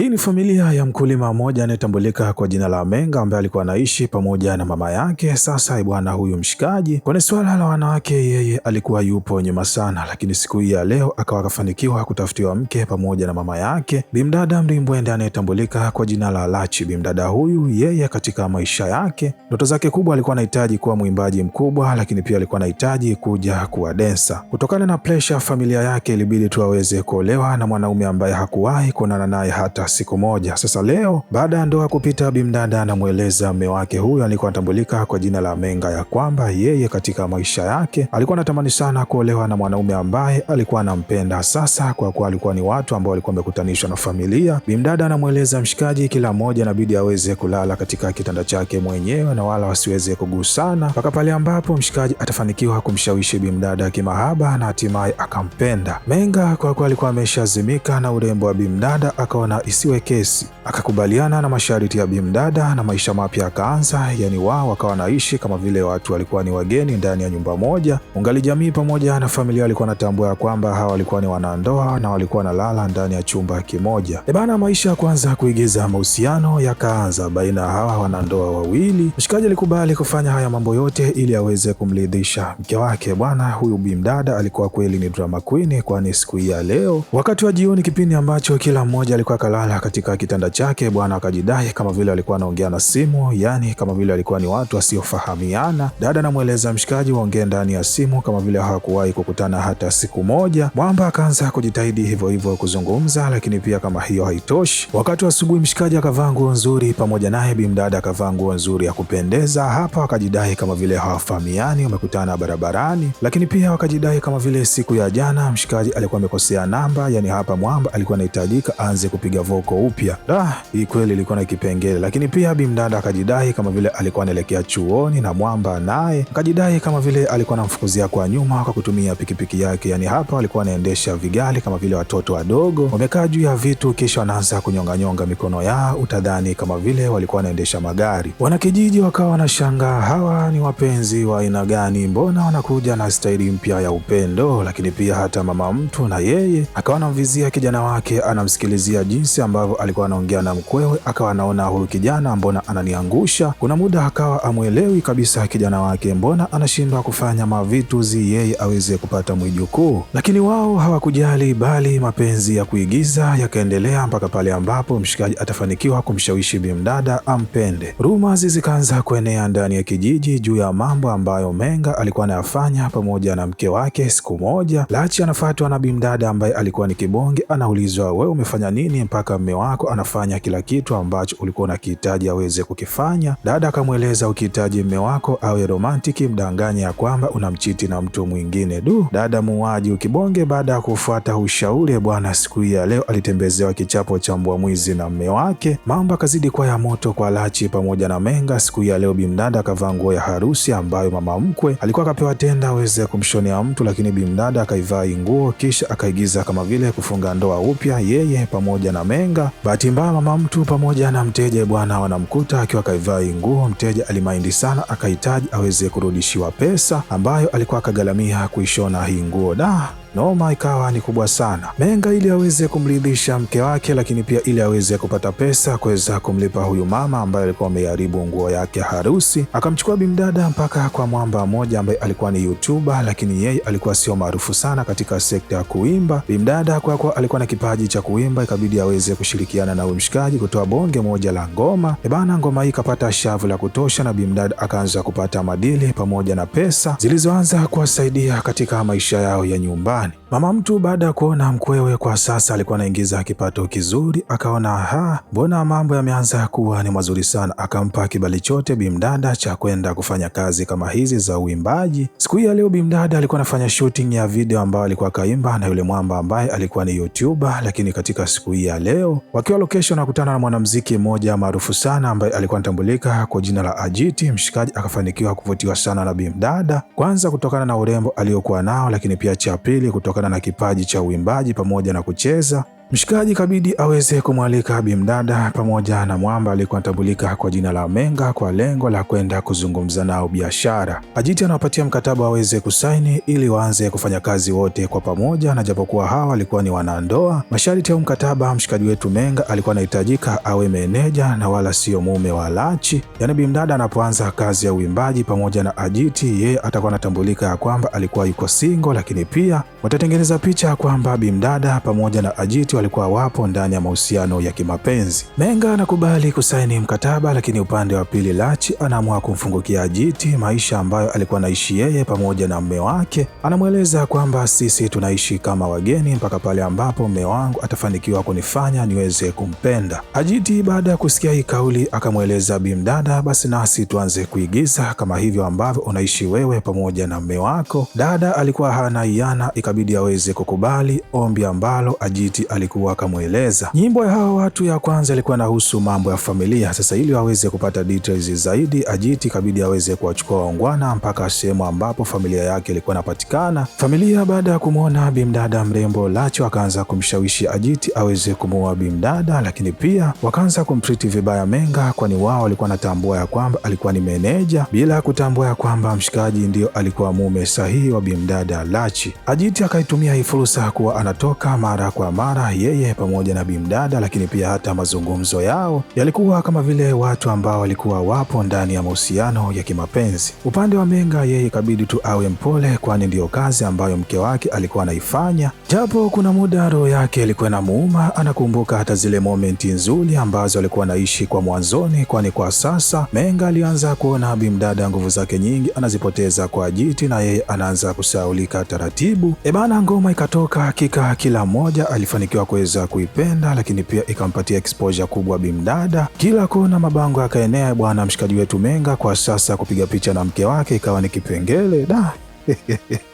Hii ni familia ya mkulima mmoja anayetambulika kwa jina la Menga ambaye alikuwa anaishi pamoja na mama yake. Sasa eh, bwana huyu mshikaji, kwenye suala la wanawake, yeye alikuwa yupo nyuma sana, lakini siku hii ya leo akawa akafanikiwa kutafutiwa mke pamoja na mama yake bimdada mrimbwende anayetambulika kwa jina la Lachi. Bimdada huyu yeye, katika maisha yake, ndoto zake kubwa alikuwa anahitaji kuwa mwimbaji mkubwa, lakini pia alikuwa anahitaji kuja kuwa densa. Kutokana na presha familia yake ilibidi tu aweze kuolewa na mwanaume ambaye hakuwahi kuonana naye hata siku moja. Sasa leo baada ya ndoa kupita, Bimdada anamweleza mme wake huyo alikuwa anatambulika kwa jina la Menga ya kwamba yeye katika maisha yake alikuwa anatamani sana kuolewa na mwanaume ambaye alikuwa anampenda. Sasa kwa kuwa alikuwa ni watu ambao walikuwa wamekutanishwa na familia, Bimdada anamweleza mshikaji kila mmoja inabidi aweze kulala katika kitanda chake mwenyewe na wala wasiweze kugusana mpaka pale ambapo mshikaji atafanikiwa kumshawishi Bimdada kimahaba na hatimaye akampenda Menga. Kwa kuwa alikuwa ameshazimika na urembo wa Bimdada akaona kesi. akakubaliana na masharti ya bimdada na maisha mapya akaanza. Yani wao wakawa naishi kama vile watu walikuwa ni wageni ndani ya nyumba moja. Ungali jamii pamoja na familia walikuwa natambua ya kwamba hawa walikuwa ni wanandoa na walikuwa nalala ndani ya chumba kimoja. E bana, maisha ya kwanza kuigiza mahusiano yakaanza baina ya hawa wanandoa wawili. Mshikaji alikubali kufanya haya mambo yote ili aweze kumridhisha mke wake. Bwana huyu bimdada alikuwa kweli ni drama queen, kwani siku hii ya leo wakati wa jioni, kipindi ambacho kila mmoja alikuwa akalala katika kitanda chake bwana, akajidai kama vile alikuwa anaongea na simu, yani kama vile alikuwa ni watu wasiofahamiana. Dada anamweleza mshikaji waongee ndani ya simu kama vile hawakuwahi kukutana hata siku moja. Mwamba akaanza kujitahidi hivyo hivyo kuzungumza, lakini pia kama hiyo haitoshi, wakati wa asubuhi mshikaji akavaa nguo nzuri pamoja naye bimdada akavaa nguo nzuri ya kupendeza. Hapa wakajidai kama vile hawafahamiani, wamekutana barabarani, lakini pia wakajidai kama vile siku ya jana mshikaji alikuwa amekosea namba, yani hapa Mwamba alikuwa anahitajika aanze kupiga ambavyo uko upya. Da, ah, hii kweli ilikuwa na kipengele. Lakini pia Bimdada akajidai kama vile alikuwa anaelekea chuoni na Mwamba naye akajidai kama vile alikuwa anamfukuzia kwa nyuma kwa kutumia pikipiki yake. Yaani hapa alikuwa anaendesha vigali kama vile watoto wadogo wamekaa juu ya vitu, kisha wanaanza kunyonganyonga mikono yao, utadhani kama vile walikuwa wanaendesha magari. Wanakijiji wakawa wanashangaa, hawa ni wapenzi wa aina gani? Mbona wanakuja na staili mpya ya upendo? Lakini pia hata mama mtu na yeye akawa anamvizia kijana wake, anamsikilizia jinsi jinsi ambavyo alikuwa anaongea na mkwewe, akawa anaona huyu kijana mbona ananiangusha. Kuna muda akawa amwelewi kabisa kijana wake, mbona anashindwa kufanya mavituzi yeye aweze kupata mwijukuu, lakini wao hawakujali, bali mapenzi ya kuigiza yakaendelea mpaka pale ambapo mshikaji atafanikiwa kumshawishi bimdada ampende. Rumors zikaanza kuenea ndani ya kijiji juu ya mambo ambayo Menga alikuwa anayafanya pamoja na mke wake. Siku moja Lachi anafuatwa na bimdada ambaye alikuwa ni kibonge, anaulizwa wewe umefanya nini mpaka mpaka mme wako anafanya kila kitu ambacho ulikuwa unakihitaji aweze kukifanya. Dada akamweleza, ukihitaji mme wako awe romantiki, mdanganye ya kwamba unamchiti na mtu mwingine. Du, dada muuaji ukibonge. Baada ya kufuata ushauri bwana, siku hii ya leo alitembezewa kichapo cha mbwa mwizi na mme wake. Mambo akazidi kuwa ya moto kwa Lachi pamoja na Menga. Siku hii ya leo bimdada akavaa nguo ya harusi ambayo mama mkwe alikuwa akapewa tenda aweze kumshonea mtu, lakini bimdada akaivaa nguo kisha akaigiza kama vile kufunga ndoa upya yeye pamoja na Menga. Maenga. Bahati mbaya mama mtu pamoja na mteja bwana wanamkuta akiwa kaivaa nguo. Mteja alimaindi sana, akahitaji aweze kurudishiwa pesa ambayo alikuwa akagalamia kuishona hii nguo da Noma ikawa ni kubwa sana. Menga ili aweze kumridhisha mke wake, lakini pia ili aweze kupata pesa kuweza kumlipa huyu mama ambaye alikuwa ameharibu nguo yake harusi, akamchukua bimdada mpaka kwa mwamba mmoja ambaye alikuwa ni YouTuber, lakini yeye alikuwa sio maarufu sana katika sekta ya kuimba. Bimdada kwa kwa alikuwa na kipaji cha kuimba, ikabidi aweze kushirikiana na huyu mshikaji kutoa bonge moja la ngoma. E bana ngoma hii ikapata shavu la kutosha, na bimdada akaanza kupata madili pamoja na pesa zilizoanza kuwasaidia katika maisha yao ya nyumbani nyumbani. Mama mtu baada ya kuona mkwewe kwa sasa alikuwa anaingiza kipato kizuri, akaona ha mbona mambo yameanza kuwa ni mazuri sana, akampa kibali chote bimdada cha kwenda kufanya kazi kama hizi za uimbaji. Siku hii ya leo bimdada alikuwa anafanya shooting ya video ambayo alikuwa akaimba na yule mwamba ambaye alikuwa ni YouTuber, lakini katika siku hii ya leo wakiwa location akutana na mwanamuziki mmoja maarufu sana ambaye alikuwa anatambulika kwa jina la Ajiti. Mshikaji akafanikiwa kuvutiwa sana na bimdada, kwanza kutokana na urembo aliyokuwa nao, lakini pia cha pili kutokana na kipaji cha uimbaji pamoja na kucheza Mshikaji kabidi aweze kumwalika bimdada pamoja na mwamba aliyekuwa anatambulika kwa jina la Menga kwa lengo la kwenda kuzungumza nao biashara. Ajiti anawapatia mkataba aweze kusaini ili waanze kufanya kazi wote kwa pamoja, na japokuwa hawa walikuwa ni wanandoa, masharti ya mkataba, mshikaji wetu Menga alikuwa anahitajika awe meneja na wala sio mume wa Lachi. Yaani bimdada anapoanza kazi ya uimbaji pamoja na Ajiti, yeye atakuwa anatambulika ya kwamba alikuwa yuko single, lakini pia watatengeneza picha ya kwamba bimdada pamoja na Ajiti walikuwa wapo ndani ya mahusiano ya kimapenzi. Menga anakubali kusaini mkataba, lakini upande wa pili Lachi anaamua kumfungukia ajiti maisha ambayo alikuwa anaishi yeye pamoja na mme wake. Anamweleza kwamba sisi tunaishi kama wageni mpaka pale ambapo mme wangu atafanikiwa kunifanya niweze kumpenda. Ajiti baada ya kusikia hii kauli akamweleza bimdada, basi nasi tuanze kuigiza kama hivyo ambavyo unaishi wewe pamoja na mme wako. Dada alikuwa hana iana, ikabidi aweze kukubali ombi ambalo Ajiti alikuwa alikuwa akamweleza. Nyimbo ya hawa watu ya kwanza ilikuwa inahusu mambo ya familia. Sasa ili aweze kupata details zaidi, Ajit ikabidi aweze kuwachukua waungwana mpaka sehemu ambapo familia yake ilikuwa inapatikana. Familia baada ya kumwona bimdada mrembo Lacho akaanza kumshawishi Ajit aweze kumuoa bimdada, lakini pia wakaanza kumtriti vibaya Menga, kwani wao walikuwa natambua ya kwamba alikuwa ni meneja bila kutambua ya kwamba mshikaji ndio alikuwa mume sahihi wa bimdada Lachi. ajiti akaitumia hii fursa kuwa anatoka mara kwa mara yeye pamoja na bimdada, lakini pia hata mazungumzo yao yalikuwa kama vile watu ambao walikuwa wapo ndani ya mahusiano ya kimapenzi. Upande wa Menga, yeye ikabidi tu awe mpole, kwani ndiyo kazi ambayo mke wake alikuwa anaifanya, japo kuna muda roho yake ilikuwa na muuma. Anakumbuka hata zile momenti nzuri ambazo alikuwa anaishi kwa mwanzoni, kwani kwa sasa Menga alianza kuona bimdada nguvu zake nyingi anazipoteza kwa jiti na yeye anaanza kusaulika taratibu. Ebana, ngoma ikatoka, hakika kila mmoja alifanikiwa kuweza kuipenda, lakini pia ikampatia exposure kubwa bimdada, kila kona mabango akaenea bwana. Mshikaji wetu Menga kwa sasa kupiga picha na mke wake ikawa ni kipengele da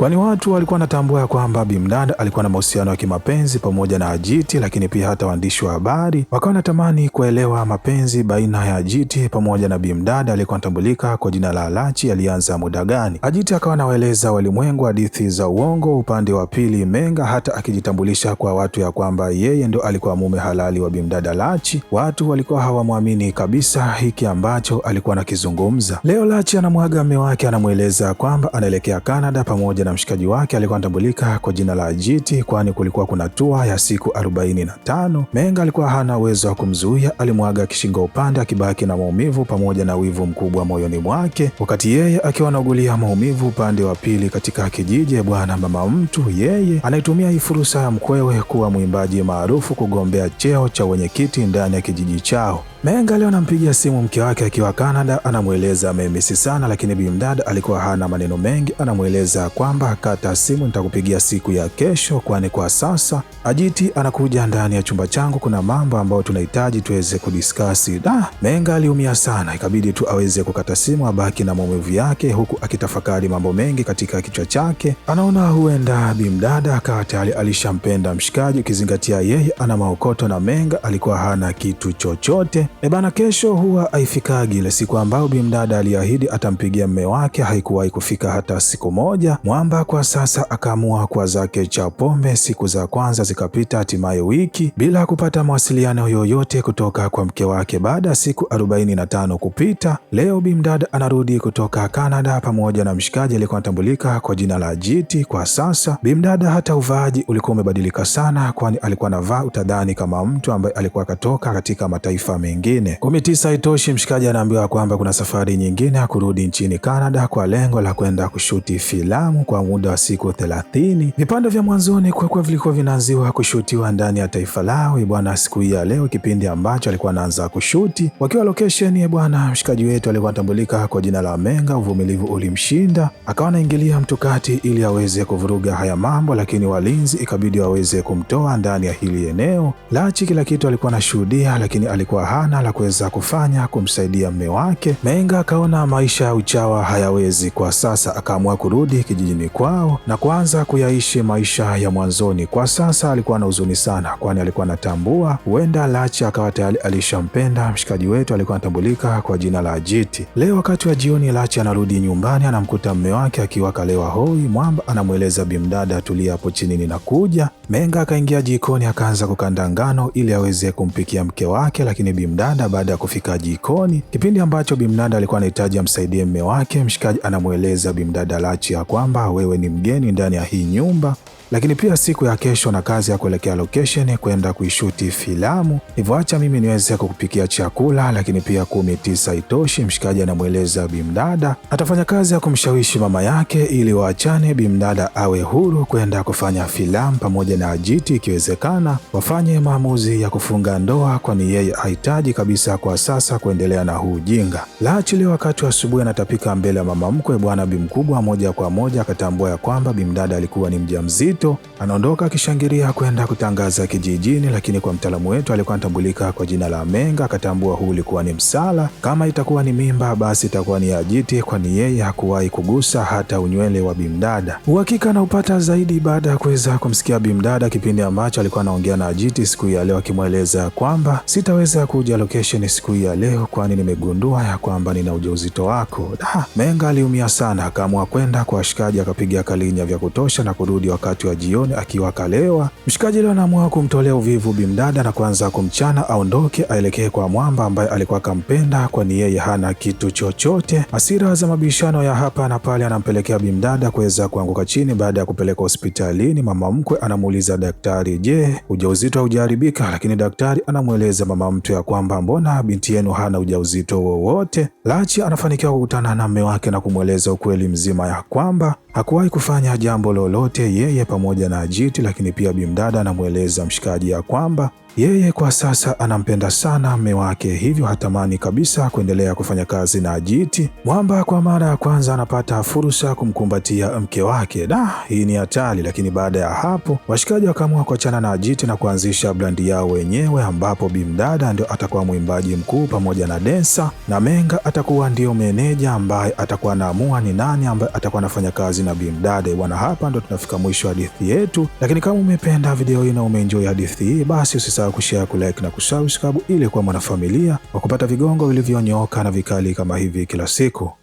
kwani watu walikuwa wanatambua kwamba Bimdada alikuwa na mahusiano ya kimapenzi pamoja na Ajiti, lakini pia hata waandishi wa habari wakawa natamani kuelewa mapenzi baina ya Ajiti pamoja na Bimdada aliyekuwa anatambulika kwa jina la Alachi alianza muda gani. Ajiti akawa anawaeleza walimwengu hadithi za uongo, upande wa pili Menga hata akijitambulisha kwa watu ya kwamba yeye ndo alikuwa mume halali wa Bimdada Lachi, watu walikuwa hawamwamini kabisa hiki ambacho alikuwa anakizungumza. Leo Lachi anamwaga mme wake, anamweleza kwamba anaelekea Canada pamoja na na mshikaji wake alikuwa anatambulika kwa jina la Ajiti, kwani kulikuwa kuna tua ya siku 45. Menga alikuwa hana uwezo wa kumzuia, alimwaga kishingo upande, akibaki na maumivu pamoja na wivu mkubwa moyoni mwake, wakati yeye akiwa anaugulia maumivu upande wa pili katika kijiji. Bwana mama mtu yeye anaitumia hii fursa ya mkwewe kuwa mwimbaji maarufu kugombea cheo cha wenyekiti ndani ya kijiji chao. Menga leo anampigia simu mke wake akiwa Canada, anamweleza amemisi sana, lakini Bimdad alikuwa hana maneno mengi. Anamweleza kwamba kata simu, nitakupigia siku ya kesho, kwani kwa sasa Ajiti anakuja ndani ya chumba changu, kuna mambo ambayo tunahitaji tuweze kudiskasi. Da, Menga aliumia sana, ikabidi tu aweze kukata simu, abaki na maumivu yake, huku akitafakari mambo mengi katika kichwa chake. Anaona huenda Bimdada akawa tayari alishampenda mshikaji, ukizingatia yeye ana maokoto na Menga alikuwa hana kitu chochote Ebana, kesho huwa haifikagi ile siku ambayo bimdada aliahidi atampigia mme wake, haikuwahi kufika hata siku moja. Mwamba kwa sasa akaamua kwa zake cha pombe. Siku za kwanza zikapita, hatimaye wiki bila kupata mawasiliano yoyote kutoka kwa mke wake. Baada ya siku 45 kupita, leo bimdada anarudi kutoka Canada pamoja na mshikaji aliyekuwa anatambulika kwa jina la Jiti. Kwa sasa bimdada hata uvaaji ulikuwa umebadilika sana, kwani alikuwa anavaa utadhani kama mtu ambaye alikuwa akatoka katika mataifa mengi nyingine. kumi tisa. mshikaji anaambiwa kwamba kuna safari nyingine ya kurudi nchini Canada kwa lengo la kwenda kushuti filamu kwa muda wa siku thelathini. Vipande vya mwanzoni kwa vilikuwa vinaanziwa kushutiwa ndani ya taifa lao bwana, siku hii ya leo, kipindi ambacho alikuwa anaanza kushuti wakiwa location bwana, mshikaji wetu alikuwa anatambulika kwa jina la Menga, uvumilivu ulimshinda, akawa anaingilia mtukati ili aweze kuvuruga haya mambo, lakini walinzi ikabidi waweze kumtoa ndani ya hili eneo lachi. Kila kitu alikuwa anashuhudia, lakini alikuwa hana sana la kuweza kufanya kumsaidia mme wake. Menga akaona maisha ya uchawa hayawezi kwa sasa, akaamua kurudi kijijini kwao na kuanza kuyaishi maisha ya mwanzoni. Kwa sasa alikuwa na huzuni sana, kwani alikuwa anatambua huenda Lacha akawa tayari alishampenda. Mshikaji wetu alikuwa anatambulika kwa jina la Ajiti. Leo wakati wa jioni, Lacha anarudi nyumbani, anamkuta mme wake akiwa kalewa hoi mwamba. Anamweleza bimdada tulia hapo chini, ninakuja. Menga akaingia jikoni, akaanza kukanda ngano ili aweze kumpikia mke wake, lakini bimdada dada baada ya kufika jikoni, kipindi ambacho bimdada alikuwa anahitaji amsaidie mme wake, mshikaji anamweleza bimdada Lachi ya kwamba wewe ni mgeni ndani ya hii nyumba, lakini pia siku ya kesho na kazi ya kuelekea location kwenda kuishuti filamu, hivyoacha mimi niweze kukupikia chakula. Lakini pia kumi tisa itoshi, mshikaji anamweleza bimdada atafanya kazi ya kumshawishi mama yake ili waachane, bimdada awe huru kwenda kufanya filamu pamoja na Ajiti, ikiwezekana wafanye maamuzi ya kufunga ndoa, kwani yeye hahitaji kabisa kwa sasa kuendelea na huu ujinga. leo wakati wa asubuhi anatapika mbele ya mama mkwe bwana bimkubwa, moja kwa moja akatambua ya kwamba bimdada alikuwa ni mjamzito Zito anaondoka akishangilia kwenda kutangaza kijijini, lakini kwa mtaalamu wetu alikuwa anatambulika kwa jina la Menga, akatambua huu ulikuwa ni msala. Kama itakuwa ni mimba, basi itakuwa ni Ajiti, kwani yeye hakuwahi kugusa hata unywele wa Bimdada. Uhakika anaupata zaidi baada ya kuweza kumsikia Bimdada kipindi ambacho alikuwa anaongea na Ajiti siku ya leo, akimweleza kwamba sitaweza kuja location siku ya leo, kwani nimegundua ya kwamba nina ujauzito wako. Da, ah, Menga aliumia sana, akaamua kwenda kwa washikaji, akapiga kalinya vya kutosha na kurudi wakati wa jioni akiwa kalewa Mshikaji leo anaamua kumtolea uvivu bimdada na kuanza kumchana aondoke aelekee kwa mwamba ambaye alikuwa akampenda, kwani yeye hana kitu chochote. Hasira za mabishano ya hapa na pale anampelekea bimdada kuweza kuanguka chini. Baada ya kupeleka hospitalini, mama mkwe anamuuliza daktari, je, ujauzito haujaharibika? Lakini daktari anamweleza mama mtu ya kwamba mbona binti yenu hana ujauzito wowote. Lachi anafanikiwa kukutana na mme wake na kumweleza ukweli mzima ya kwamba hakuwahi kufanya jambo lolote yeye pamoja na Ajit, lakini pia Bimdada anamweleza mshikaji ya kwamba yeye kwa sasa anampenda sana mme wake, hivyo hatamani kabisa kuendelea kufanya kazi na Ajiti. Mwamba kwa mara ya kwanza anapata fursa kumkumbatia mke wake. Da, hii ni hatari. Lakini baada ya hapo, washikaji wakaamua kuachana na Ajiti na kuanzisha blandi yao wenyewe, ambapo Bimdada ndio atakuwa mwimbaji mkuu pamoja na densa, na Menga atakuwa ndio meneja ambaye atakuwa anaamua ni nani ambaye atakuwa anafanya kazi na Bimdada. Bwana, hapa ndo tunafika mwisho hadithi yetu, lakini kama umependa video hii na umeenjoy hadithi hii, basi usisahau kushare, kulike na kusubscribe ili kuwa mwanafamilia wa kupata vigongo vilivyonyooka na vikali kama hivi kila siku.